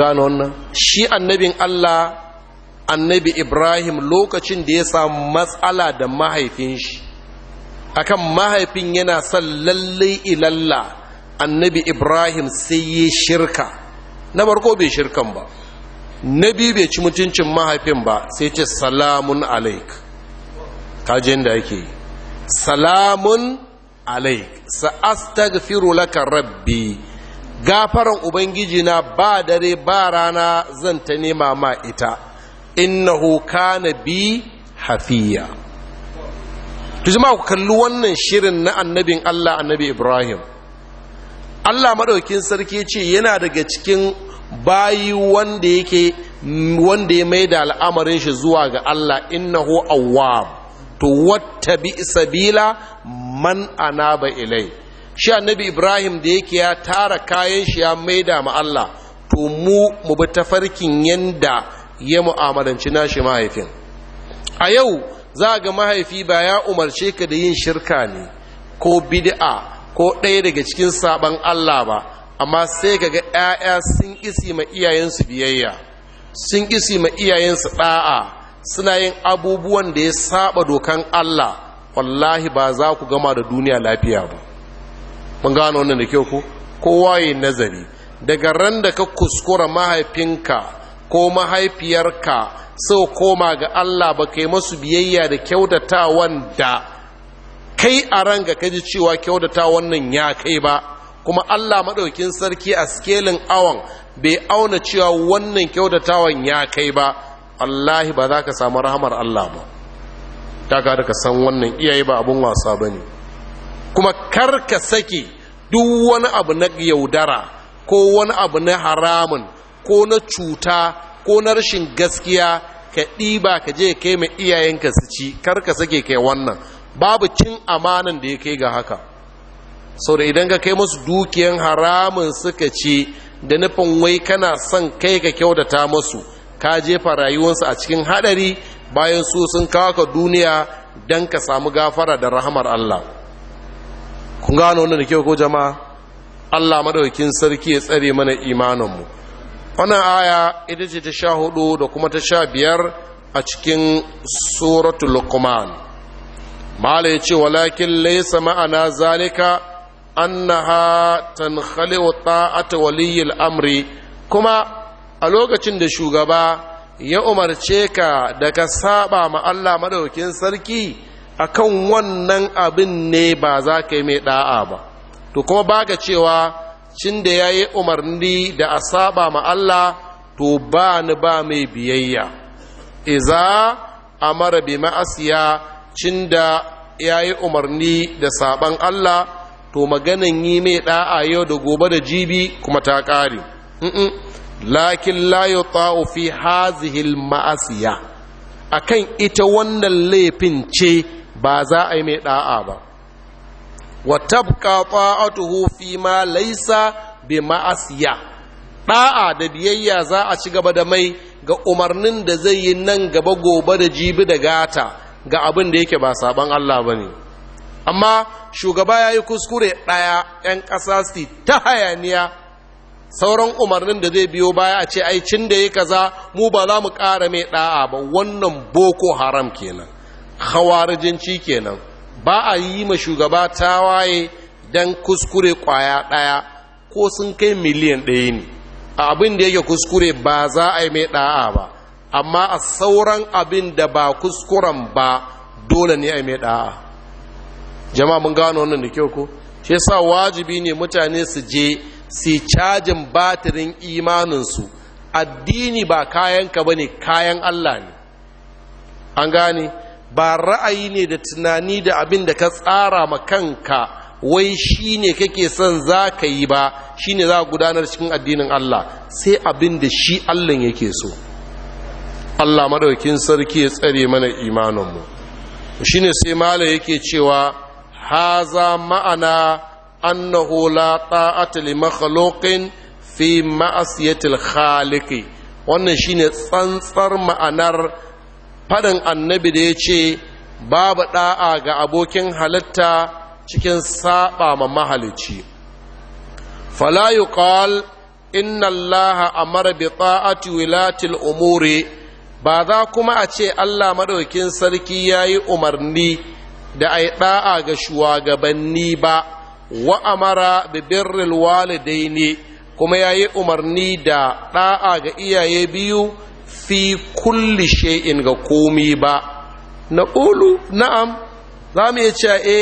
gano wannan shi annabin Allah annabi Ibrahim lokacin da ya samu matsala da mahaifin shi akan mahaifin yana son lallai ilalla annabi Ibrahim sai ya shirka na barko bai shirkan ba na biyu bai ci mutuncin mahaifin ba sai ce salamun alaik kajin da yake salamun alaik sa'astagfiru laka rabbi gafaran ubangiji na ba dare ba rana zan ta nema ma ita innahu kana bi hafiya to jama'a ku kalli wannan shirin na annabin Allah annabi Ibrahim Allah madaukin sarki ce yana daga cikin bayi wanda yake wanda ya mai da al'amarin shi zuwa ga Allah innahu awwab to wattabi sabila man anaba ilai shi annabi ibrahim da yake ya tara kayan shi ya maida ma Allah to mu mu bi tafarkin yanda ya mu'amalanci shi mahaifin a yau za ga mahaifi ba ya umarce ka da yin shirka ne ko bid'a ko ɗaya daga cikin saban Allah ba amma sai ka ga 'ya'ya sun isi ma iyayensu biyayya sun isi ma iyayensu ɗa'a suna yin abubuwan da ya saba dokan Allah wallahi ba za ku gama da duniya lafiya ba mun gano wannan da kyau ko kowa yi nazari daga ran da ka kuskura mahaifinka ko mahaifiyarka sau koma ga Allah ba kai masu biyayya da kyautatawan da kai a ran ka ji cewa kyautata wannan ya kai ba kuma Allah maɗaukin sarki a skelin awon bai auna cewa wannan kyautatawan ya kai ba Wallahi ba za ka samu rahamar Allah ba ta ka san wannan iyaye ba abun wasa ba ne kuma kar ka sake duk wani abu na yaudara ko wani abu na haramun ko na cuta ko na rashin gaskiya ka ɗiba ka je kai mai iyayenka su ci kar ka sake kai wannan babu cin amanan da ya kai ga haka sau da idan ka kai musu dukiyan haramun suka ci da nufin wai kana son kai ka kyautata musu ka jefa rayuwarsu a cikin haɗari bayan su sun kawo ka duniya don ka samu gafara da rahamar Allah kun gano wannan da kyau ko jama'a Allah madaukakin sarki ya tsare mana imaninmu wannan aya ita ce ta sha hudu da kuma ta sha biyar a cikin suratul luqman mala yace walakin laysa ma'ana zalika annaha tankhaliu ta'ata waliyil amri kuma a lokacin da shugaba ya umarce ka da ka saba ma Allah madaukakin sarki akan wannan abin ne ba za ka yi mai ɗa'a ba to kuma ba baka cewa cin da ya yi umarni da a saba ma Allah to ba ni ba mai biyayya iza a mara bi ma'asiya cin da ya yi umarni da saban Allah to maganin yi mai ɗa'a yau da gobe da jibi kuma ta ƙare lakin layo ta'o fi hazihil ma'asiya akan ita wannan laifin ce ba za a yi mai ɗa'a ba wa tabqa ta'atuhu fi ma laisa bi ma'asiya da'a da biyayya za a ci gaba da mai ga umarnin da zai yi nan gaba gobe da jibi da gata ga abin da yake ba saban Allah bane amma shugaba yayi kuskure ɗaya yan ƙasa su ta hayaniya sauran umarnin da zai biyo baya a ce ai cin da ya kaza mu ba za mu ƙara mai ɗa'a ba wannan boko haram kenan khawarijinci kenan ba a yi ma shugaba ta waye don kuskure kwaya ɗaya ko sun kai miliyan ɗaya ne a abin da yake kuskure ba za a yi mai ɗa'a ba amma a sauran abin da ba kuskuren ba dole ne a yi mai ɗa'a jama'a mun gano wannan da kyau ko shi yasa wajibi ne mutane su je su cajin batirin imaninsu addini ba kayanka ka bane kayan allah ne an gane ba ra'ayi ne da tunani da abin da ka tsara ma kanka wai shi ne kake son za ka yi ba shi ne za a gudanar cikin addinin Allah sai abin da shi Allah yake so Allah maɗaukin sarki ya tsare mana imaninmu shi ne sai mala yake cewa haza ma'ana annahu la ta'ata li makhluqin fi ma'asiyatil khaliqi wannan shine tsantsar ma'anar faɗin annabi da ya ce babu ɗa'a ga abokin halitta cikin saɓa ma mahalici fala yuqal inna allaha amara bi ta'ati wilatil umuri ba za kuma a ce allah maɗaukin sarki ya yi umarni da a yi ɗa'a ga shugabanni ba wa amara walidai walidai ne kuma ya yi umarni da ɗa'a ga iyaye biyu fi kulli shay'in ga komi ba na ƙulu na'am za mu iya cewa e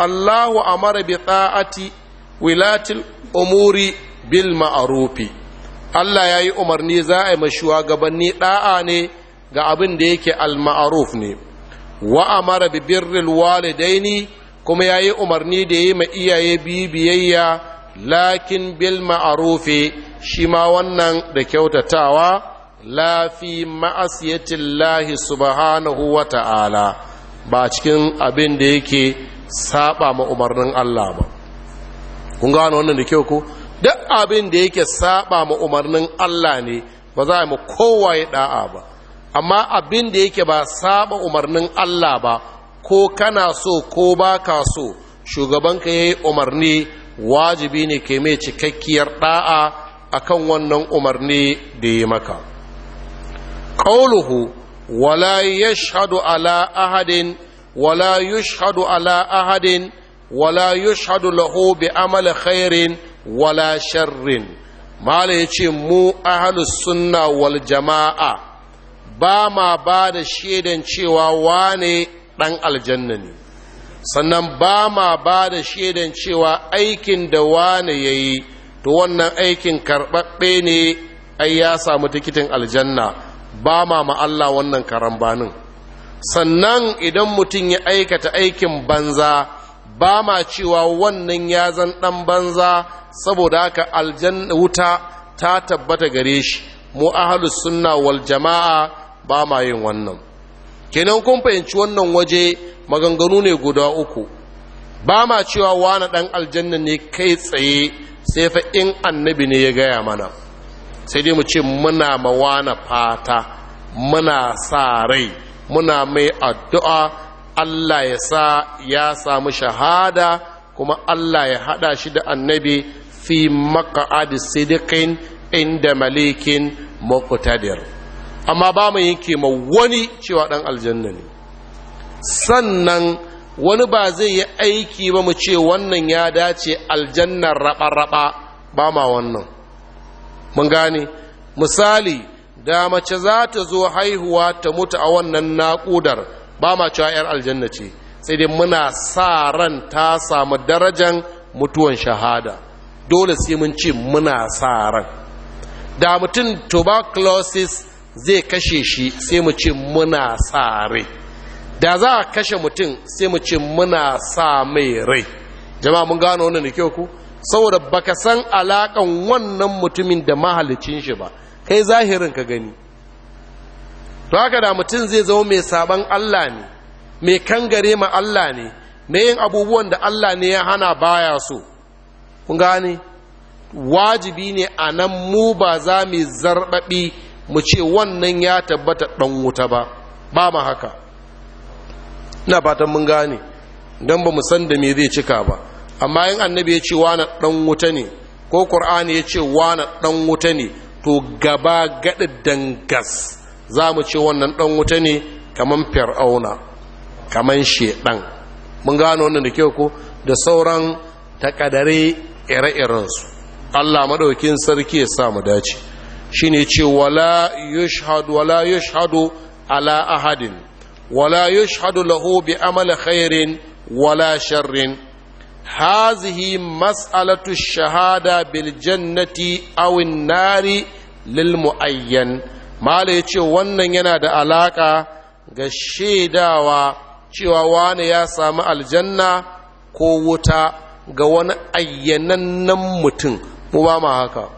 allahu amara bi ta'ati wilatil umuri bil ma'arufi allah ya yi umarni za a yi mashuwa gabanni ɗa'a ne ga abin da yake al ma'aruf ne wa amara bi birril walidaini kuma ya yi umarni da ya yi ma iyaye bibiyayya biyayya lakin bil ma'arufi shi ma wannan da kyautatawa la fi lahi subhanahu wa ta'ala ba cikin abin da yake saba ma umarnin Allah ba kun gano wannan da kyau ko duk abin da yake saba ma umarnin Allah ne ba za a mu kowaye da'a ba amma abin da yake ba saba umarnin Allah ba ko kana so ko ba ka so shugabanka yayi umarni wajibi ne ke mai cikakkiyar da'a akan wannan umarni da ya maka ƙauluhu wala yashhadu ala ahadin wala yushhadu ala ahadin wala yushhadu lahu bi amal khairin wala sharrin mala ya mu ahli sunna waljama'a jama'a ba ma ba da shaidan cewa wane ɗan aljanna ne sannan ba ma ba da shaidan cewa aikin da wane ya yi to wannan aikin karɓaɓɓe ne ai ya samu tikitin aljanna ba ma ma'alla wannan karambanin sannan idan mutum ya aikata aikin banza ba ma cewa wannan ya zan ɗan banza saboda haka aljanna wuta ta tabbata gare shi mu ahalus sunna wal jama'a ba ma yin wannan kenan kun fahimci wannan waje maganganu ne guda uku ba ma cewa wani ɗan aljanna ne kai tsaye sai fa in annabi ne ya gaya mana sai dai mu ce muna mawana fata muna sa rai muna mai addu'a Allah ya sa ya samu shahada kuma Allah ya hada shi da annabi fi adi sidikin inda malikin muqtadir amma ba mu yanke ma wani cewa dan aljanna ne sannan wani ba zai yi aiki ba mu ce wannan ya dace aljannar raba-raba ba ma wannan mun gane misali da mace za ta zo haihuwa ta mutu a wannan naƙudar ba ma cewa 'yar aljanna ce sai dai muna sa ran ta samu darajan mutuwan shahada dole sai mun ce muna sa ran da mutum tuberculosis zai kashe shi sai mu ce muna sa rai da za a kashe mutum sai mu ce muna sa mai rai jama'a mun gano wannan da kyau ku saboda baka san alakan wannan mutumin da mahalicin shi ba kai zahirin ka gani to haka da mutum zai zama mai sabon Allah ne mai kangare ma Allah ne na yin abubuwan da Allah ne ya hana baya so kun gane wajibi ne a nan mu ba za mu zarbabi mu ce wannan ya tabbata ɗan wuta ba ba ma haka ina fatan mun gane don ba mu san da me zai cika ba amma yin annabi ya ce wana ɗan wuta ne ko ƙur'ani ya ce wana ɗan wuta ne to gaba gaɗi dangas za mu ce wannan ɗan wuta ne kamar fir'auna kaman shaiɗan mun gano wannan da kyau ko da sauran takadare ire-irensu allah maɗaukin sarki ya sa mu dace shi ne ce wala yushhadu wala yushhadu ala ahadin wala yushhadu lahu bi amala khairin wala sharrin hazihi mas'alatu shahada bil jannati aw nari lil Malam mala yace wannan yana da alaƙa ga shaidawa cewa wani ya samu aljanna ko wuta ga wani ayyanannen mutum mu ba ma haka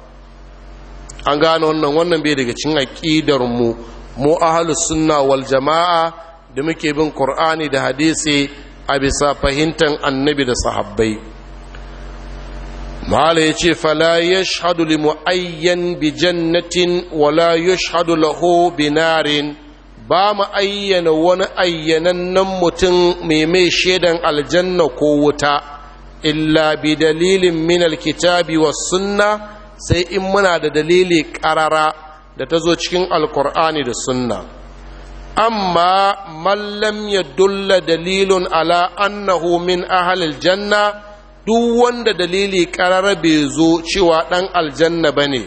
an gane wannan wannan bai daga cikin aƙidar mu mu ahlus sunna wal jamaa da muke bin ƙur'ani da hadisi a bisa fahimtar annabi da sahabbai mala ya ce fala ya shahadu limu ayyan bi jannatin wala ya shahadu lahu binarin ba mu ayyana wani nan mutum mai mai shaidan aljanna ko wuta illa bi dalilin min alkitabi wa sunna sai in muna da dalili karara da ta zo cikin alkur'ani da sunna amma mallam ya dulla dalilun ala annahu min ahalil janna duk wanda dalili karar bai zo cewa ɗan aljanna ba ne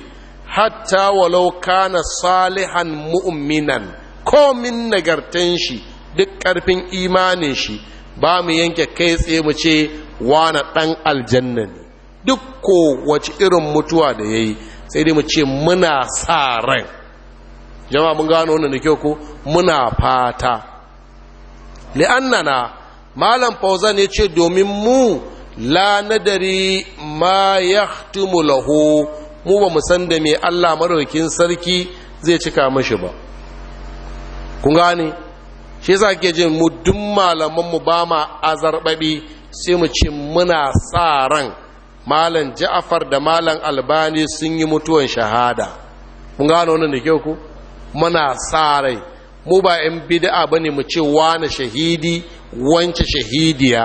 hatta walau kana salihan mu'minan komin nagartan shi duk ƙarfin imanin shi ba mu yanke kai tsaye mu ce wana ɗan aljanna ne duk ko wace irin mutuwa da ya yi sai dai mu ce muna sa ran jama'a mun gano wannan da kyau ko muna fata li'annana malam fauzan ya ce domin mu la nadari ma ya lahu mu ba mu san da mai allah maraukin sarki zai cika mashi ba kun gane shi yasa ke jin mu duk malamanmu ba ma zarbabi sai mu ce muna sa ran malam ja'afar da malam albani sun yi mutuwan shahada kun gano wannan da kyau ku muna sa rai mu ba 'yan bida'a ba ne mu ce wane shahidi wance shahidiya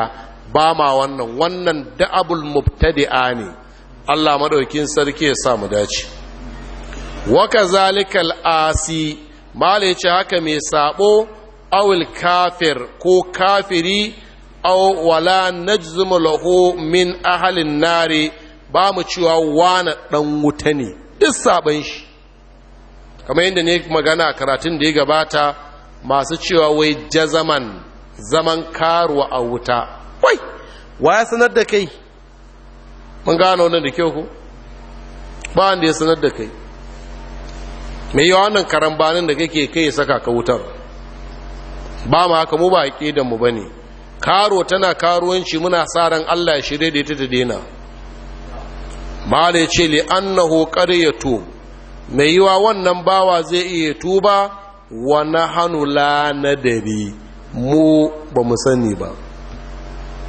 ba ma wannan wannan da'abul mubtadi'a ne Allah maɗaukin sarki ya sa mu dace waka zalikal asi mala ya ce haka mai saɓo awil kafir ko kafiri aw wala najzumu lahu min ahalin nari ba mu cewa wane ɗan wuta ne duk saban shi kamar yadda ne magana a karatun da ya gabata masu cewa wai jazaman zaman karuwa a wuta wai wa ya sanar da kai mun gano wannan da kyau ku ba wanda ya sanar da kai mai yi wannan karambanin da kake kai saka ka wutar ba mu haka mu ba a mu ba ne karo tana karuwanci muna sa ran allah shirye da ita ta daina ba da ya ce li annahu qaryatu mai yiwa wannan bawa zai iya tuba wa na hannu lanadari mu ba mu sani ba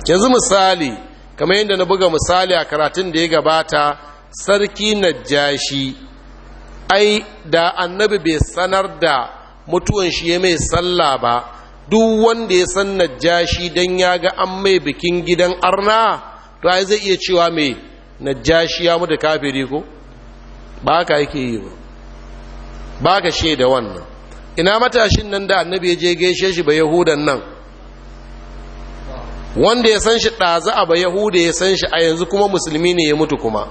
yanzu misali kamar yadda na buga misali a karatun da ya gabata sarki najashi ai da annabi bai sanar da mutuwan shi ya mai sallah ba duk wanda ya san najashi don ya ga an mai bikin gidan arna to ai zai iya cewa mai jashi ya da kafiri ko ba ka yake yi ba ba ka shaida wannan ina matashin nan da annabi ya je gaishe shi ba yahudan nan wanda ya san shi ɗazu a ba yahuda ya san shi a yanzu kuma musulmi ne ya mutu kuma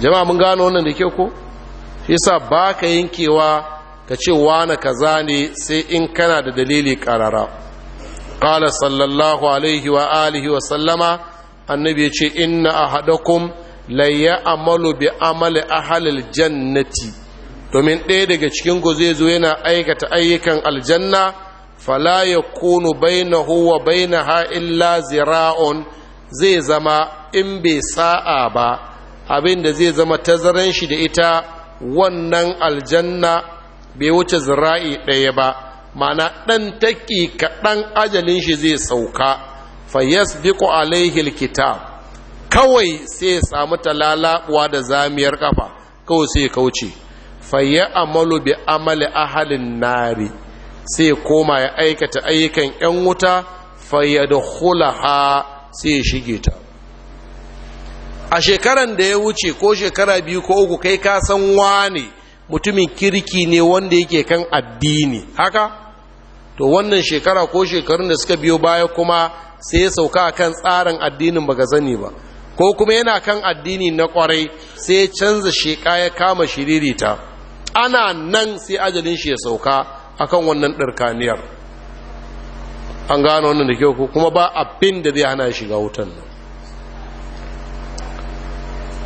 jama'a mun gano wannan da ke ko shi sa ba ka yankewa ka ce na kaza ne sai in kana da dalili karara qala sallallahu alaihi wa alihi wa sallama annabi ya ce inna ahadakum ya amalu bi amali ahlil jannati domin ɗaya daga cikin ku zai zo yana aikata ayyukan aljanna fala ya, kunu bai huwa bai na bainaha illa zira'un zai zama in bai sa'a ba abin da zai zama tazaran shi da ita wannan aljanna bai wuce zira'i ɗaya ba Ma'ana ɗan taƙi kaɗan ajalin shi zai sauka fayyas biko alaihil kitab kawai sai ya samu talalabuwa da zamiyar kafa kawai sai ya kauce faye amalu bi amali ahalin nari sai koma ya aikata ayyukan yan wuta faya da hulaha sai ya shige ta a shekaran da ya wuce ko shekara biyu ko uku kai ka san wane mutumin kirki ne wanda yake kan addini haka to wannan shekara ko shekarun da suka biyo baya kuma sai ya sauka kan tsarin addinin ba baka zani ba ko kuma yana kan addini na kwarai sai canza sheƙa ya kama shiririta ana nan sai ajalin shi ya sauka akan wannan ɗarkaniyar an gano wannan da kyau kuma ba abin da zai hana shiga wutan nan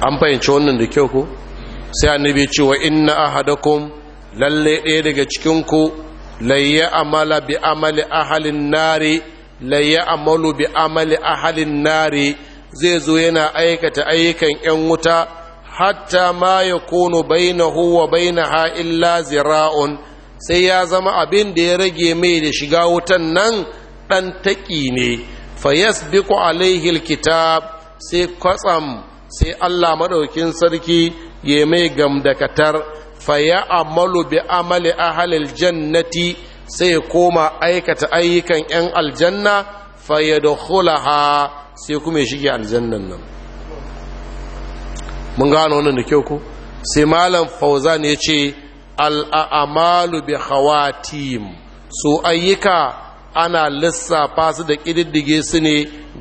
an fahimci wannan da kyau ko sai annabi cewa inna ahadakum lalle ɗaya daga cikinku layya amala bi amali ahalin nari layya amalu bi amali ahalin nari zai zo yana aikata ayyukan 'yan wuta hatta ma ya kono huwa wa bainaha illa zira'un sai ya zama abin da ya rage mai da shiga wutan nan ɗan taƙi ne fayasbiqu alaihi alkitab sai kwatsam sai Allah maɗaukin sarki ya mai gamdakatar faya amalu bi amali ahalil jannati sai koma aikata ayyukan 'yan aljanna hulaha sai kuma ya shige aljannan nan mun gano wannan da kyau ko sai malam fauzan ya ce al'amalu bi khawatim su ayyuka ana lissafa su da ƙididdige su ne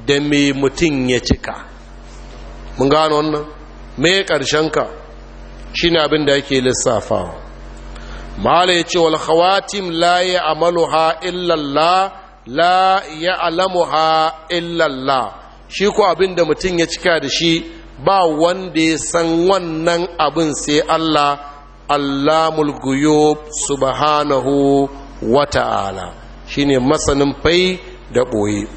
da me mutum ya cika mun gano wannan me ƙarshenka shi ne abin da yake lissafawa Malam ya ce wal khawatim la ya amaluha illallah la ya alamu alamuha illallah shi ko abin da mutum ya cika da shi ba wanda ya san wannan abin sai Allah allamul guyub subhanahu wa ta'ala shine masanin fai da ɓoye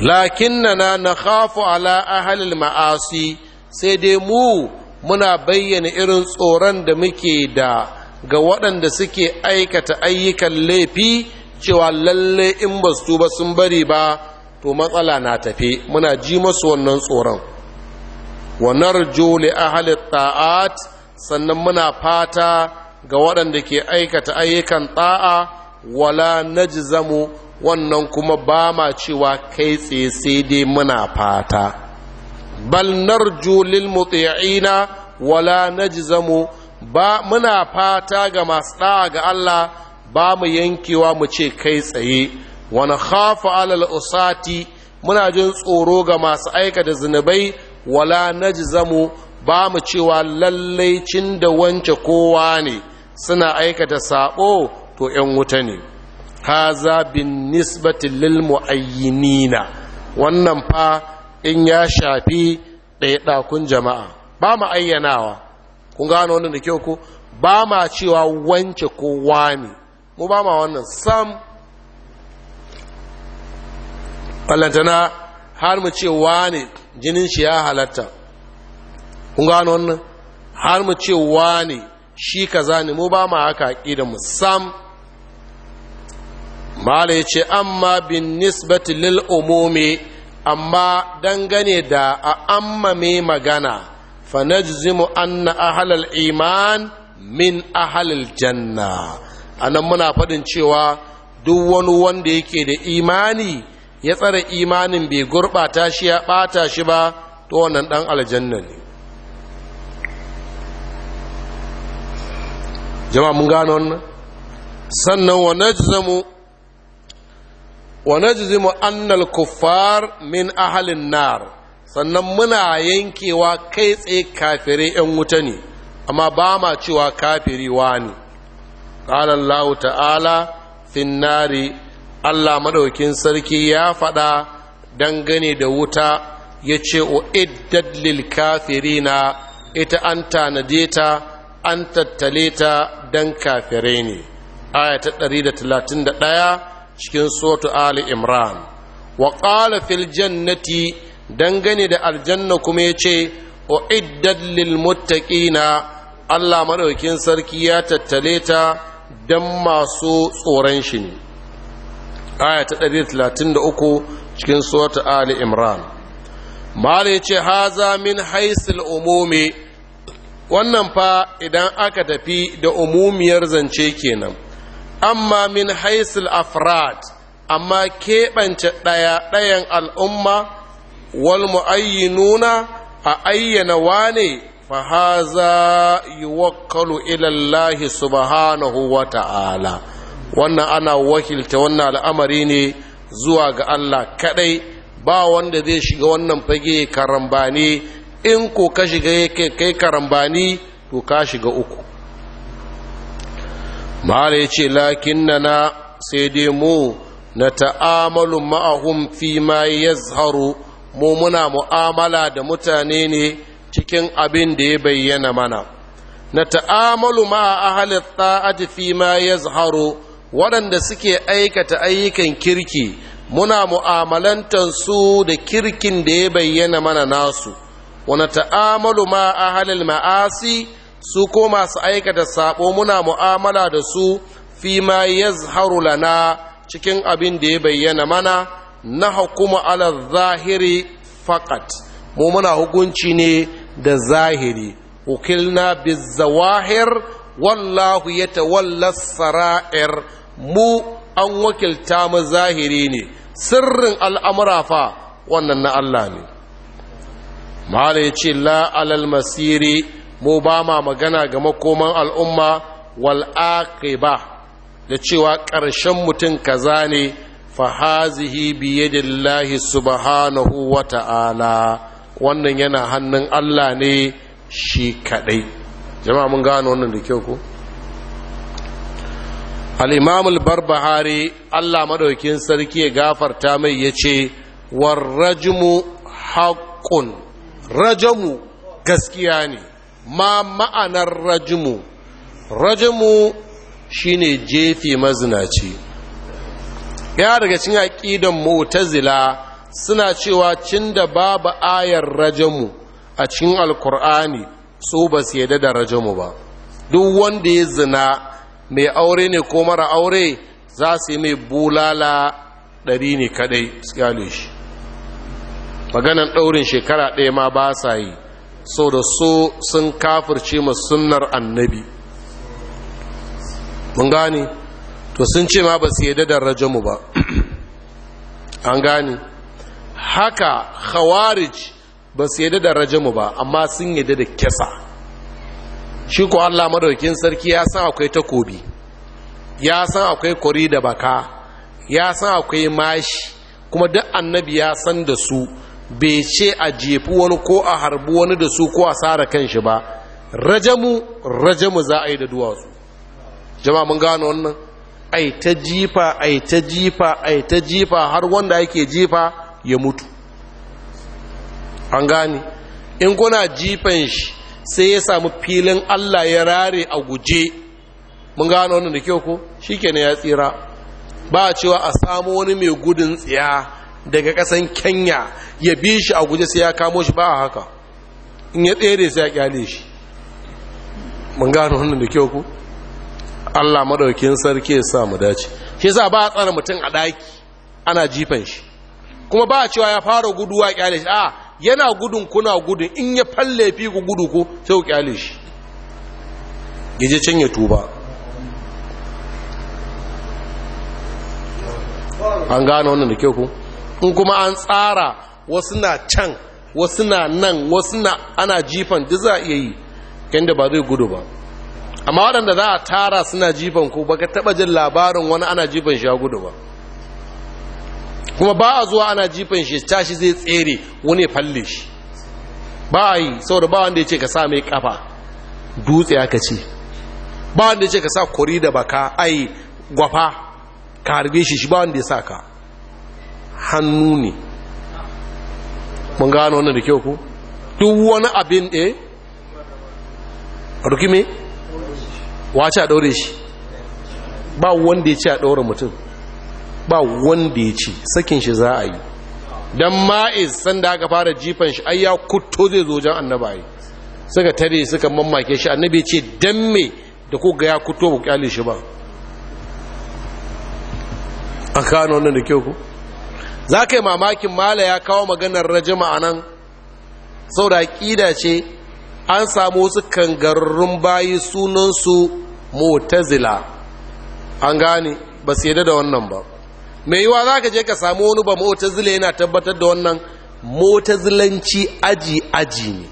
lakinnana na khafu ala ahalil ma'asi sai dai mu muna bayyana irin tsoron da muke da ga waɗanda suke aikata ayyukan laifi cewa lalle in ba su ba sun bari ba to matsala na tafe muna ji masu wannan tsoron wa narju li ahli ta'at sannan muna fata ga waɗanda ke aikata ayyukan ta'a wala najzamu wannan kuma ba ma cewa kai tsaye sai dai muna fata bal narju lil muti'ina wala najzamu ba muna fata ga masu ɗa'a ga Allah ba mu yankewa mu ce kai tsaye wani khafa alal usati muna jin tsoro ga masu aikata zunubai wala na zamu ba mu cewa lallai cin da wance kowa ne suna aikata sabo to ‘yan wuta ne haza bin nisbatin lilmu ayyinina wannan fa in ya shafi ɗaya ɗakun jama'a ba mu ayyanawa kun gano wannan da kyau ku? ba ma cewa wance kowa ne mu ba ma wannan sam ballantana har mu ce wane jinin shi ya halatta kun gano wannan har mu ce wane shi kaza ne mu ba ma haka ƙidan mu sam mala ya ce amma bin nisbati lil umumi amma dangane da a mai magana fa najzimu anna ahlal iman min ahlal janna anan muna faɗin cewa duk wani wanda yake da imani ya tsara imanin bai gurɓata shi ya bata shi ba to wannan ɗan aljanna ne jama'a mun gano wannan sannan wa najzamu annal kuffar min ahalin nar sannan muna yankewa kai tsaye kafirai 'yan wuta ne amma ba ma cewa kafiri wani قال الله ta'ala finnari. Allah madaukin sarki ya faɗa dangane da wuta ya ce o iddat lil kafirina ita an tanade ta an tattale ta dan kafirai ne aya ta 131 cikin suratu ali imran wa qala fil jannati dangane da aljanna kuma ya ce o iddat lil muttaqina Allah madaukin sarki ya tattale ta dan masu tsoron shi ne aya ta 133 cikin surata ali imran mala ce haza min haisil umumi wannan fa idan aka tafi da umumiyar zance kenan amma min haisil afrad amma keɓance ɗaya-ɗayan al'umma wal mu'ayyinuna a ayyana wane fa haza yi wakkalu ilallahi subhanahu wa ta'ala wannan ana wakilta wannan al'amari ne zuwa ga Allah kaɗai ba wanda zai shiga wannan fage karambani in ko ka shiga kai karambani to ka shiga uku mahala ya ce na sai dai mu na ta'amalu ma'ahum fi ma ya zaharu mu muna mu'amala da mutane ne cikin abin da ya bayyana mana na ta'amalu ma'a ahalar fi ma ya zaharu. waɗanda suke aikata ayyukan kirki muna mu'amalantar su da kirkin da ya bayyana mana nasu wani ta'amalu ma a halin ma'asi su ko masu aikata saɓo muna mu'amala da su fi ma ya lana cikin abin da ya bayyana mana na hukuma ala zahiri fakat mu muna hukunci ne da zahiri ukilna bizawahir wallahu ya yatawalla sara'ir mu an wakilta mu zahiri ne sirrin al'amura fa wannan na Allah ne mala ya ce la masiri mu ba ma magana ga makoman al'umma wal'aƙiba da cewa ƙarshen mutum kaza ne fahazihi biyadillahi subhanahu wa ta'ala wannan yana hannun Allah ne shi kaɗai jama'a mun gano wannan da kyau ko? al'imamul barbahari allah maɗaukin sarki ya gafarta mai ya ce warrajimu haƙƙun rajamu gaskiya ne ma ma'anar rajimu rajimu shine jefi mazinaci ya daga cin aƙidan mu'tazila suna cewa cin da babu ayar rajamu a cikin alkur'ani su ba su yadda da rajamu ba duk wanda ya zina mai aure ne ko mara aure za su yi mai bulala ɗari ne kadai su gane shi maganan ɗaurin shekara ɗaya ma ba sa yi sau da so sun kafirce ma sunnar annabi mun gane to sun ce ma ba su yadda da rajamu ba an gane haka khawarij ba su yadda da mu ba amma sun yadda da kesa shi ko Allah madaukin sarki ya san akwai takobi ya san akwai kori da baka ya san akwai mashi kuma duk annabi ya san da su bai ce a jefi wani ko a harbi wani da su ko a sara kanshi ba rajamu rajamu za a yi da duwatsu jama'a mun gano wannan ai ta jifa ai ta jifa ai ta jifa har wanda yake jifa ya mutu an gane in kuna jifan shi sai ya samu filin Allah ya rare a guje mun gano wannan da kyau ko shikenan ya tsira ba cewa a samu wani mai gudun tsiya daga kasan Kenya ya bi shi a guje sai ya kamo shi ba a haka in ya tsere sai ya kyale shi mun gano wannan da kyau ko Allah madaukin sarki ya sa mu dace shi yasa ba a tsara mutum a daki ana jifan shi kuma ba a cewa ya fara guduwa kyale shi a yana gudun kuna gudun in ya falle fi ku gudu ko sai ku kyale shi yaje can ya tuba an gane wannan da kyau ku in kuma an tsara wasu na can wasu na nan wasu na ana jifan duk za a iya yi yadda ba zai gudu ba amma waɗanda za a tara suna jifan ku baka taɓa jin labarin wani ana jifan shi ya gudu ba kuma ba a zuwa ana jifan shi tashi zai tsere wani falle shi ba a yi saboda ba wanda ya ce ka sa mai kafa dutse aka ce ba wanda ya ce ka sa kori da baka ai gwafa ka harbe shi shi ba wanda ya sa ka hannu ne mun gano wannan da kyau ku duk wani abin ɗaya eh? a rukime wace a ɗaure shi ba wanda ya ce a ɗaure mutum ba wanda ya ce sakin shi za a yi don ma'iz sanda aka fara jifan shi ayya ya kutto zai zo jan annaba suka tare suka mammake shi annabi ce don me da ko ga ya kutto ba kyale shi ba an kano nan da kyau ku za ka yi mamakin mala ya kawo maganar rajima a nan sau da ƙida ce an samu wasu kangarrun bayi sunansu motazila an gane ba su yadda da wannan ba mai yiwa za ka je ka samu wani ba mota zile yana tabbatar da wannan mota zilanci aji aji ne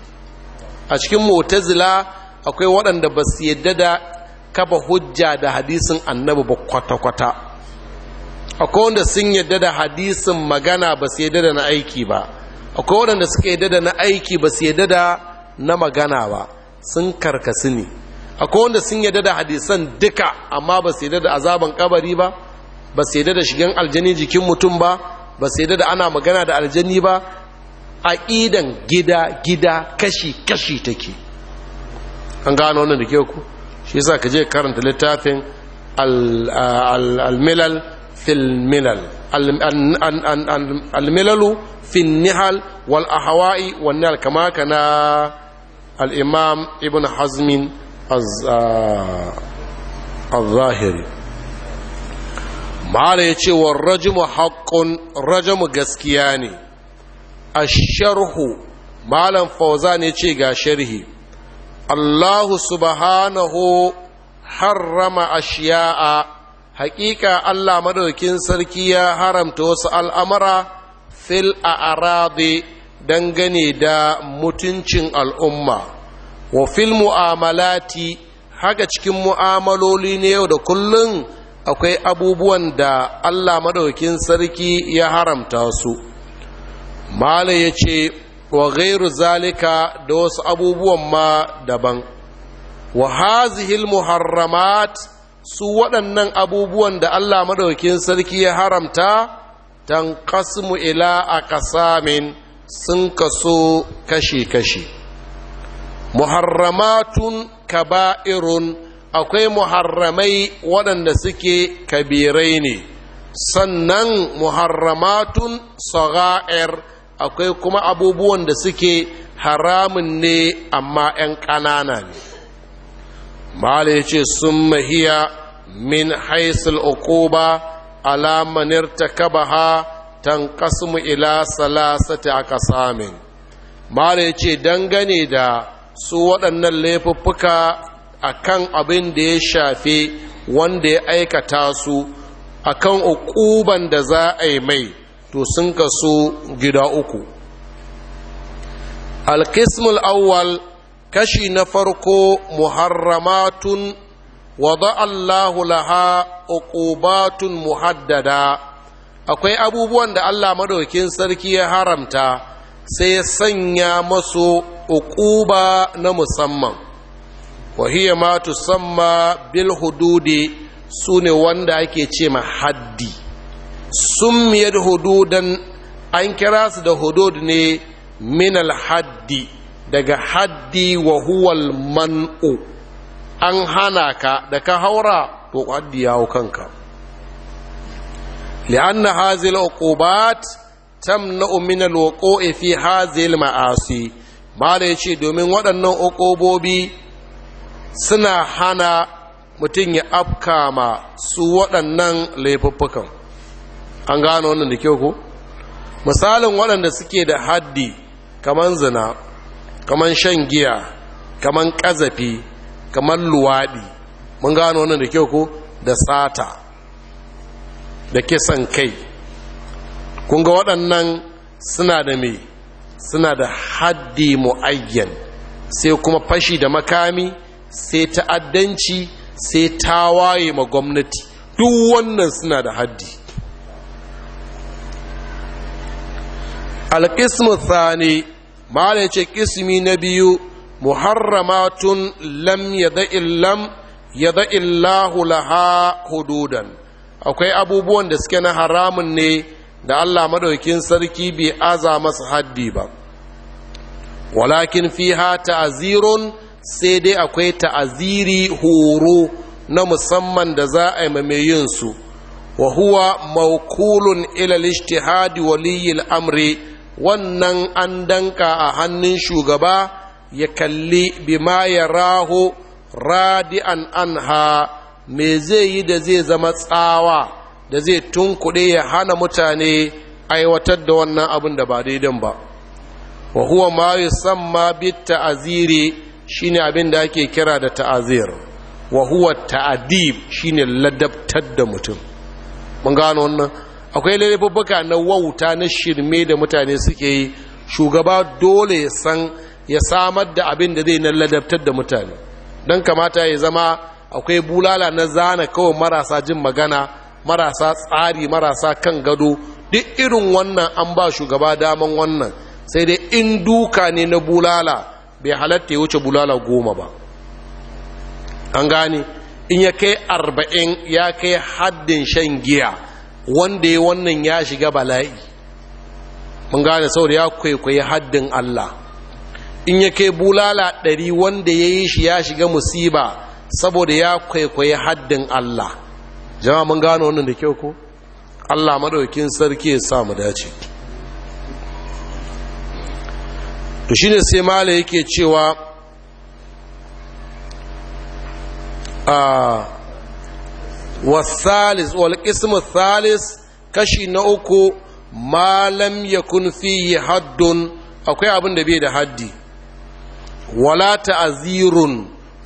a cikin mota zila akwai waɗanda ba su yadda da kaba hujja da hadisin annabi ba kwata-kwata akwai wanda sun yadda da hadisin magana ba su yadda da na aiki ba akwai waɗanda suka yadda da na aiki ba su yadda da na magana ba sun karkasu ne akwai wanda sun yadda da hadisan duka amma ba su yadda da azaban kabari ba ba sai da shigan aljani jikin mutum ba ba sai da ana magana da aljani ba a idan gida gida kashi kashi take an gano wannan da ke ku shi yasa ka je karanta littafin al-milal fil milal al-milalu fil nihal wal ahwa'i wal nihal kama kana al-imam ibn hazmin az-zahiri mala ya ce wa rajimu haƙƙun rajimu gaskiya ne a sharhu malam fauza ne ce ga sharhi allahu subhanahu harrama ashiya'a haƙiƙa allah madaukin sarki ya haramta wasu al'amara fil a don dangane da mutuncin al'umma wa fil mu'amalati haka cikin mu'amaloli ne yau da kullum akwai abubuwan da allah madaukin sarki ya haramta su mala ya ce wa gairu zalika da wasu abubuwan ma daban wa hazihil muharramat su waɗannan abubuwan da allah madaukin sarki ya haramta tan kasmu ila a kasamin sun kaso kashe-kashe muharramatun kaba'irun akwai muharramai waɗanda suke kabirai ne sannan muharramatun saga'ir akwai kuma abubuwan da suke haramun ne amma 'yan ƙanana ne mala ya ce sun mahiya min haisul uquba alamanir takabaha tanqasmu ila salasati aqsamin mala ya ce dangane da su waɗannan laifuffuka akan abin da ya shafe wanda ya aikata su akan ukuban da za a yi mai to sun kasu gida uku alkismul awwal kashi na farko muharramatun wada Allahu laha uqubatun muhaddada akwai abubuwan da Allah madaukin sarki ya haramta sai ya sanya masu uquba na musamman wa hiya ma tusamma bil hududi sune wanda ake ce ma haddi summiyar hududan an kira su da hudud ne min al haddi daga haddi wa huwal man'u an hana ka da ka haura to haddi ya hau kanka لأن هذه العقوبات تمنع من الوقوع في هذه المعاصي ما ليش domin ودنن عقوبوبي suna hana mutum ya afka ma su waɗannan laifuffukan an gano wannan da kyau ko misalin waɗanda suke da haddi kamar zina kamar shan giya kamar ƙazafi kamar luwaɗi mun gano wannan da kyau ko da sata da kisan kai kun ga waɗannan suna da me suna da haddi mu'ayyan sai kuma fashi da makami sai ta'addanci sai tawaye ma gwamnati duk wannan suna da haddi alƙismu tsani ma'ala ce ƙismi na biyu muharramatun lam ya da'illahu laha hududan akwai abubuwan da suke na haramun ne da allah maɗaukin sarki bai aza masa haddi ba walakin ha ta'azirun sai dai akwai ta'aziri horo na musamman da za a yi mai yin su wa huwa maukulun ilal ishtihadi waliyil amri wannan an danka a hannun shugaba ya kalli bima ya raho radi'an anha me zai yi da zai zama tsawa da zai tun tunkuɗe ya hana mutane aiwatar da wannan abin da ba daidan ba wa huwa ma yusamma bit ta'aziri shine abin da ake kira da ta'azir wa huwa ta'adib shine ladabtar da mutum mun gano wannan akwai laifuffuka na wauta na shirme da mutane suke yi shugaba dole ya san ya samar da abin da zai na ladabtar da mutane don kamata ya zama akwai bulala na zana kawai marasa jin magana marasa tsari marasa kan gado duk irin wannan an ba shugaba daman wannan sai dai in duka ne na bulala bai halatta ya wuce bulala goma ba an gane in ya kai arba'in ya kai haddin shan giya wanda ya wannan ya shiga bala'i mun gane saboda ya kwaikwayi haddin allah in ya kai bulala ɗari wanda ya yi shi ya shiga musiba saboda ya kwaikwayi haddin allah jama'a mun gane wannan da kyau ko allah maɗaukin sarki ya samu dace to shi ne sai mala yake cewa a wasalis wal ismu salis kashi na uku malam ya kunfi yi haddun akwai abin da bai da haddi wala ta'azirun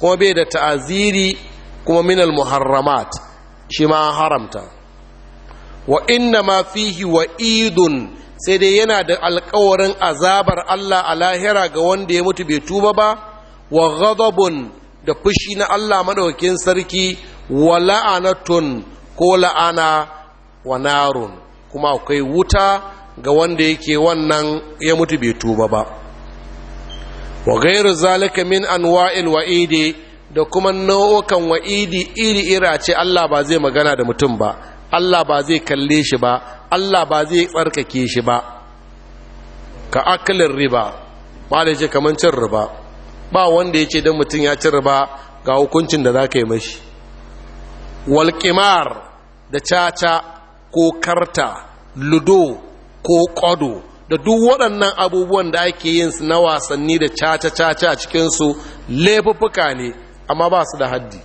kuma bai da ta'aziri kuma minal muharramat shi ma haramta wa inna ma fihi wa idun sai dai yana da alkawarin azabar Allah a lahira ga wanda ya mutu bai tuba ba wa ghadabun da fushi na Allah madaukakin sarki wa la'anatun ko la'ana wa narun kuma akwai wuta ga wanda yake wannan ya mutu bai tuba ba wa ghairu zalika min anwa'il wa'idi da kuma nau'ukan wa'idi iri ira ce Allah ba zai magana da mutum ba Allah ba zai kalle shi ba Allah ba zai tsarkake shi ba ka akalin riba ba da ce kamar cin riba ba wanda ya ce don mutum ya cin riba ga hukuncin da za ka yi mashi walƙimar da caca ko karta ludo ko ƙwado, da duk waɗannan abubuwan da ake yin su na wasanni da caca-caca a cikinsu laifuffuka ne amma ba su da haddi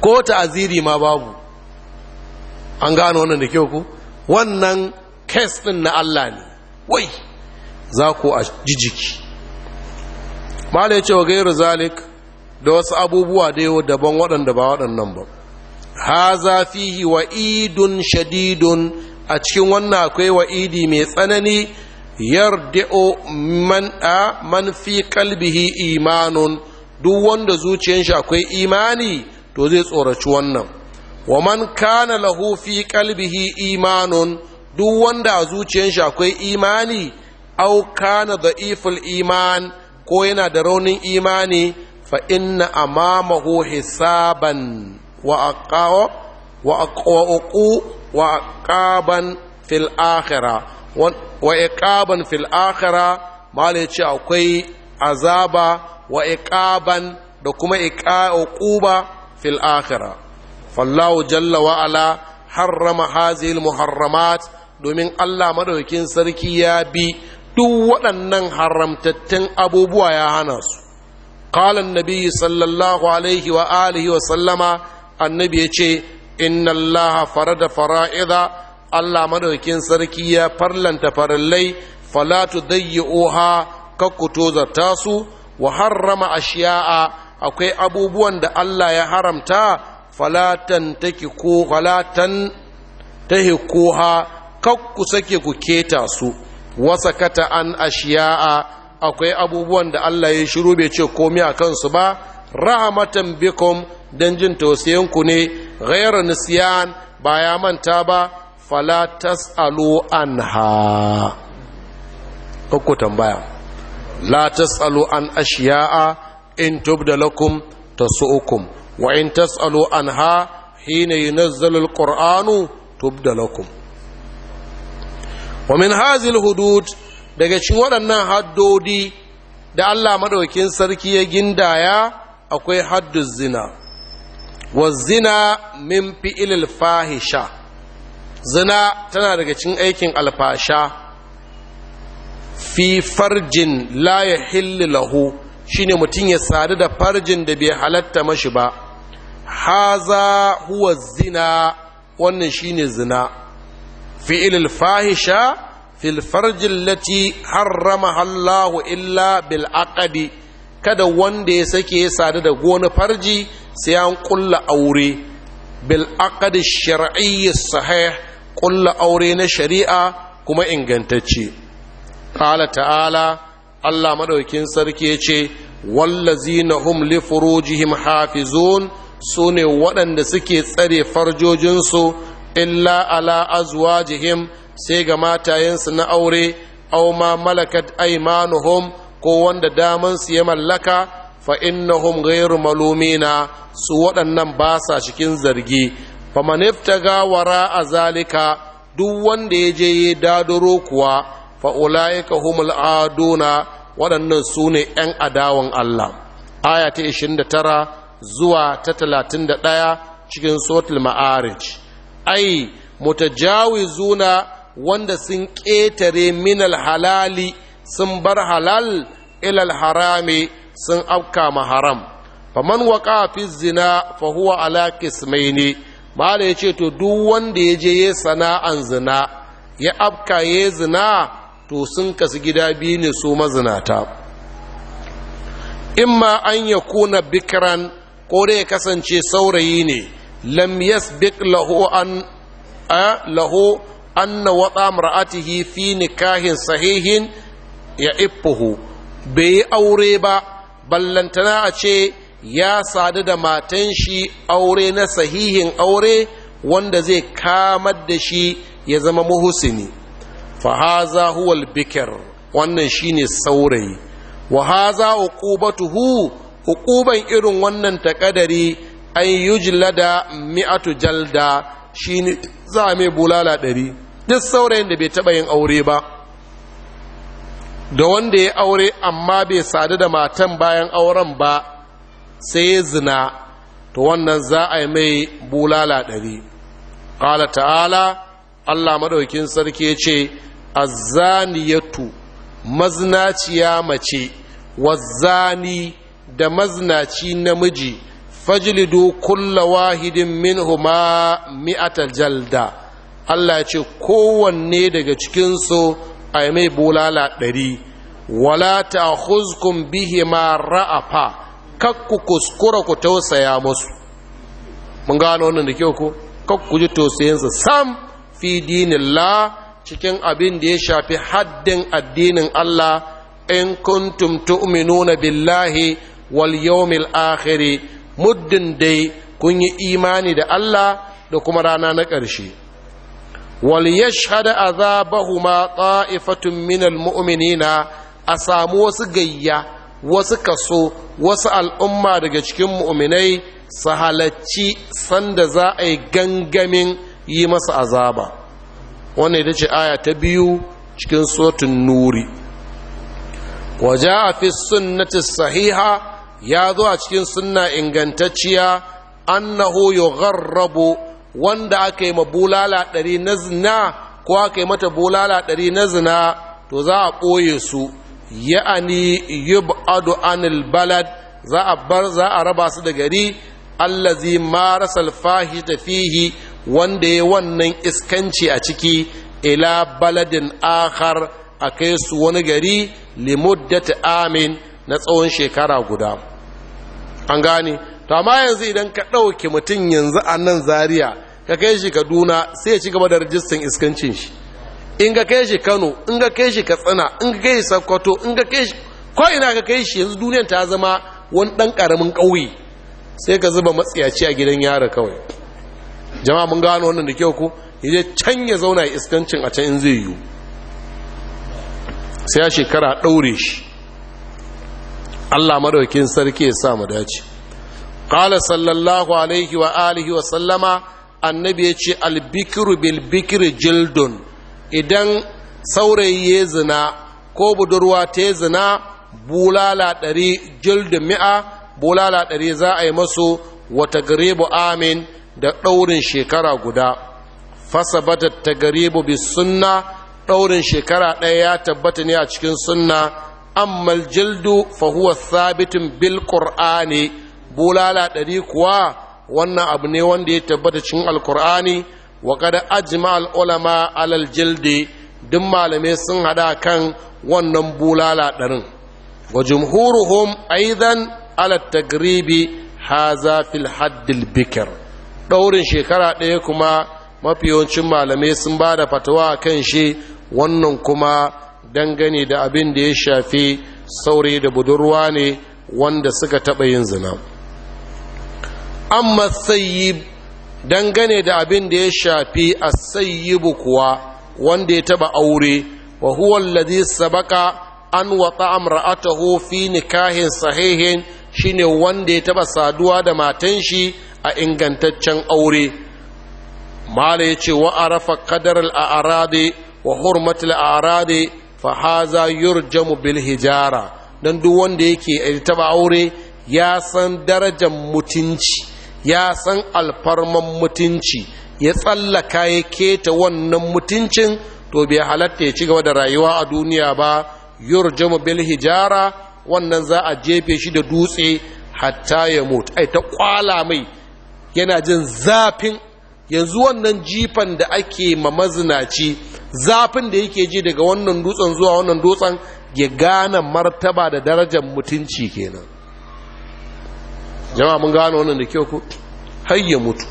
ko ta'aziri ma babu an gano wannan da kyau ku wannan kes ɗin na Allah ne wai za ku a jijiki da ya ce wa gairu zalik da wasu abubuwa da yau daban waɗanda ba waɗannan ba haza fihi wa idun shadidun a cikin wannan akwai wa idi mai tsanani yardi'u man a man fi kalbihi imanun duk wanda zuciyar shi akwai imani to zai tsoraci wannan wa man kana lahu fi imanun duk wanda a zuciyar shi akwai imani au kana da'iful iman ko yana da raunin imani fa inna amamahu hisaban wa wa aqwa wa aqaban fil akhirah wa iqaban fil akhirah mala yace akwai azaba wa iqaban da kuma iqa uquba fil akhirah fallahu Jallawa'ala, wa ala harrama hazil muharramat domin Allah madaukin sarki ya bi duk waɗannan haramtattun abubuwa ya hana su qala annabi sallallahu alaihi wa alihi wa sallama annabi yace inna Allah farada fara'ida Allah madaukin sarki ya farlanta farallai fala tudayyuha kakkuto zata waharrama wa harrama ashiya'a akwai abubuwan da Allah ya haramta falatan take ko falatan tahi koha kakku sake ku keta su wasa kata an ashiya'a akwai abubuwan da Allah ya shiru bai ce komai a kansu ba rahmatan bikum dan jin tausayin ku ne ghayra nisyan ba ya manta ba fala tasalu anha kakku tambaya la tasalu an ashiya'a in tubda lakum tasu'ukum wa in tas'alu anha hina yunazzalu alqur'anu wa min hudud daga cikin waɗannan haddodi da Allah madaukin sarki ya gindaya akwai haddu zina wa zina min fi'il fahisha zina tana daga cikin aikin alfasha fi farjin la yahillu lahu shine mutum ya sadu da farjin da bai halatta mashi ba haza huwa zina wannan shine zina fi'ilul fahisha fil farjil lati harrama Allahu illa bil aqdi kada wanda ya sake ya sadu da goni farji sai an kulla aure bil aqdi shar'i sahih kulla aure na shari'a kuma ingantacce qala ta'ala Allah maɗaukin sarki yace wallazina hum li furujihim hafizun su ne waɗanda suke tsare farjojinsu illa ala jihim sai ga matayensu na aure au ma malakat aimanuhum ko wanda damansu ya mallaka fa innahum ghayru malumina su waɗannan ba sa cikin zargi faman iftaga wara a zalika duk wanda ya je ya daduro kuwa fa ulaika humul aduna waɗannan su ne ‘yan adawan Allah aya ta 29 zuwa ta talatin da ɗaya cikin sotul ma'arij ai mutajawizuna wanda sun ƙetare minal halali sun bar halal ilal harami sun afka ma haram man waƙa fi zina fa huwa ala kismaini mala ya ce to duk wanda ya je ya sana'an zina ya afka ya zina to sun kasu gida biyu ne su mazinata imma an ya kuna bikiran ko dai ya kasance saurayi ne lam yasbiq lahu an lahu anna wada mar'atihi fi nikahin sahihin ya iffuhu bai aure ba ballantana a ce ya sadu da matan shi aure na sahihin aure wanda zai kamar da shi ya zama muhusini fahaza huwal bikir wannan shine saurayi wa haza uqubatuhu hukuban irin wannan takadari an yujla da mi'atu jalda shi ne za a mai bulala ɗari duk saurayin da bai taɓa yin aure ba da wanda ya aure amma bai sadu da matan bayan auren ba sai zina to wannan za a yi mai bulala ɗari ƙala ta'ala allah maɗaukin sarki ce azzaniyatu mazinaciya mace wazzani da maznaci namiji fajlidu kulla wahidin minhuma mi'atal jalda Allah ya ce kowanne daga cikinsu a yi mai bulala ɗari wala ta huzkun ma ra'afa kakku kuskura ku tausaya musu mun gano wannan da kyau ko kakku ji tausayinsu sam fi dinillah cikin abin da ya shafi haddin addinin Allah in kuntum tu'minuna billahi wal yawmil akhir muddin dai kun yi imani da Allah da kuma rana na ƙarshe wal yashhadu azabahuma ta'ifatun minal mu'minina a samu wasu gayya wasu kaso wasu al'umma daga cikin mu'minai sahalacci sanda za a yi gangamin yi masa azaba wannan ita ce aya ta biyu cikin sotun nuri waje a fi sunnati sahiha ya zo a cikin sunna ingantacciya annahu yugharrabu wanda aka yi bulala ɗari na zina ko aka yi mata bulala ɗari na zina to za a ɓoye su ya'ani yub'adu anil balad za a bar za a raba su da gari allazi marasa alfahita fihi wanda ya wannan iskanci a ciki ila baladin akhar a kai su wani gari limuddat amin na tsawon shekara guda an gane to amma yanzu idan ka ɗauke mutum yanzu a nan Zariya ka kai shi kaduna sai ya ci gaba da rajistan iskancin shi in ga kai shi kano in ga kai shi katsina in ga kai shi sokoto in ga kai shi ko ina ka kai shi yanzu duniyan ta zama wani ɗan ƙaramin ƙauye sai ka zuba matsiyaci a gidan yara kawai jama'a mun gano wannan da kyau ko ya can ya zauna iskancin a can in zai yiwu sai ya shekara ɗaure shi Allah madaukin sarki ya sa mu dace qala sallallahu alaihi wa alihi wa sallama annabi ya ce bikru bil bikri jildun idan saurayi zina ko budurwa ta zina bulala ɗari jildun mi'a bulala ɗari za a yi masu wata garibu amin da ɗaurin shekara guda fasabata ta garibu bi sunna ɗaurin shekara ɗaya ya tabbata ne a cikin sunna ammal jildu fa Sabitin Bilkur'ani bil bulala ɗari kuwa wannan abu ne wanda ya tabbata cikin Alƙur'ani? wa qad ajma al ulama alal jildi duk malamai sun hada kan wannan bulala ɗarin wa jumhuruhum aidan ala tagribi haza fil haddil bikir ɗaurin shekara ɗaya kuma mafi yawancin malamai sun ba da fatawa kan shi wannan kuma dangane da abin da ya shafi saurayi da budurwa ne wanda suka taɓa yin zina amma sayyib dangane da abin da ya shafi a sayi bukuwa. wanda ya taɓa aure wa huwa alladhi an wata amra'atahu fi nikahin sahihin shine wanda ya taɓa saduwa da matan shi a ingantaccen aure mala ya ce wa arafa qadar al wa hurmat al'arade Fahaza haza yurjamu bil hijara dan duk wanda yake eh, taba aure ya san darajar mutunci ya san alfarman mutunci ya tsallaka ya keta wannan mutuncin to bai halatta ya ci gaba da rayuwa a duniya ba yurjamu bil hijara wannan za a jefe shi da dutse hatta ya mutu ai ta kwala mai yana jin zafin yanzu wannan jifan da ake ma mazinaci zafin da yake ji daga wannan dutsen zuwa wannan dutsen ya gane martaba da darajar mutunci kenan jama'a mun gano wannan da kyau ku har ya mutu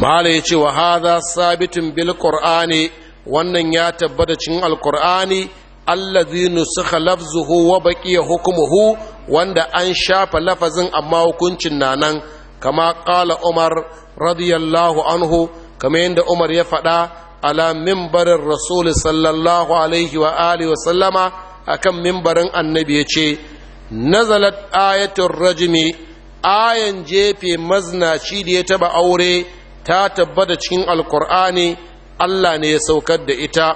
mala ya ce wa haza sabitin bil qur'ani wannan ya tabbata cin alqur'ani allazi nusakha lafzuhu wa baqiya hukmuhu wanda an shafa lafazin amma hukuncin na nan kama ƙala umar radiyallahu anhu kama yadda umar ya faɗa ala mimbarin rasul sallallahu alaihi wa alihi wasallama a kan mimbarin annabi ya ce nazalat ayatun rajimi ayan jefe maznaci da ya taba aure ta tabbata cikin alkur'ani allah ne ya saukar da ita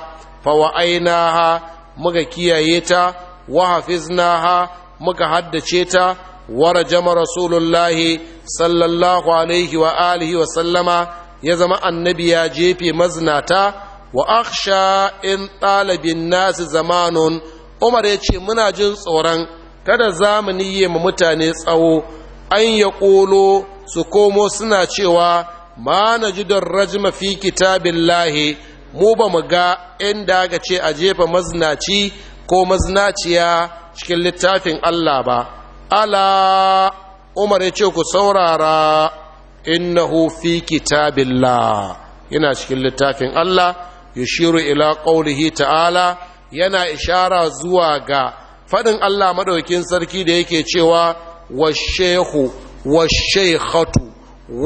fawa'ainaha muka kiyaye ta wa hafiznaha muka haddace ta ورجم رسول الله صلى الله عليه وآله وسلم يزم النبي يا جيبي مزناتا وأخشى إن طال بالناس زمان عمر يتشي منا جنس أوران kada zamani yi ma mutane tsawo an ya ƙolo su komo suna cewa ma na ji don rajima fi kitabin lahi mu ba mu ga inda aka ce a jefa mazinaci ko mazinaciya cikin littafin Allah ba ala umar ya ce ku saurara innahu fi kitabillah yana cikin littafin Allah yushiru ila qaulihi ta'ala yana ishara zuwa ga fadin Allah maɗaukin sarki da yake cewa washehu washeikhatu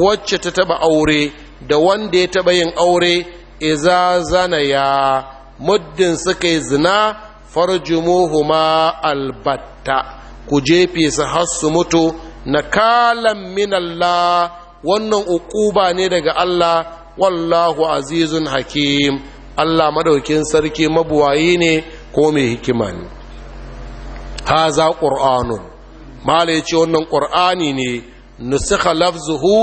wacce ta taba aure da wanda ya taba yin aure iza zanaya muddin suka yi zina farjumuhuma albatta ku jefe su har su mutu nakalan min Allah wannan ukuba ne daga Allah wallahu azizun hakim Allah madaukin sarki mabuwayi ne ko mai hikima ne haza qur'anun mala yace wannan qur'ani ne nusikha lafzuhu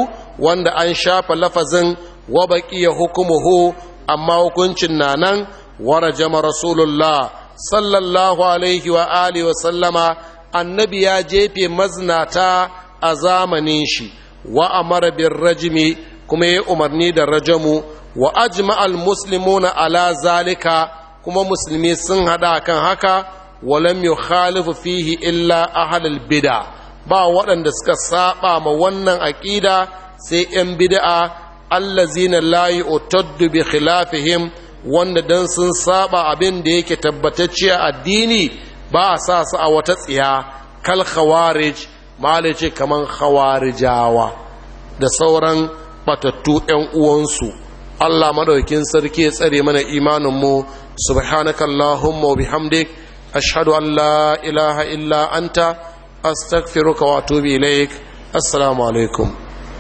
wanda an shafa lafazin wa baqiya hukumuhu amma hukuncin na nan warajama rasulullah sallallahu alaihi wa alihi wa sallama annabi ya jefe maznata a zamanin shi wa amara bin rajimi kuma ya umarni da rajamu wa ajma'al muslimuna ala zalika kuma musulmi sun hada kan haka walam yukhalifu fihi illa ahlul bid'a ba waɗanda suka saba ma wannan aƙida sai yan bid'a allazina la yu'taddu bi khilafihim wanda dan sun saba abin da yake tabbatacce a addini ba a sa su a wata tsiya kal khawarij mala ce kaman khawarijawa da sauran batattu yan uwansu Allah madaukin sarki ya tsare mana imanin mu subhanakallahumma wa bihamdik ashhadu an la ilaha illa anta astaghfiruka wa atubu ilaik assalamu alaikum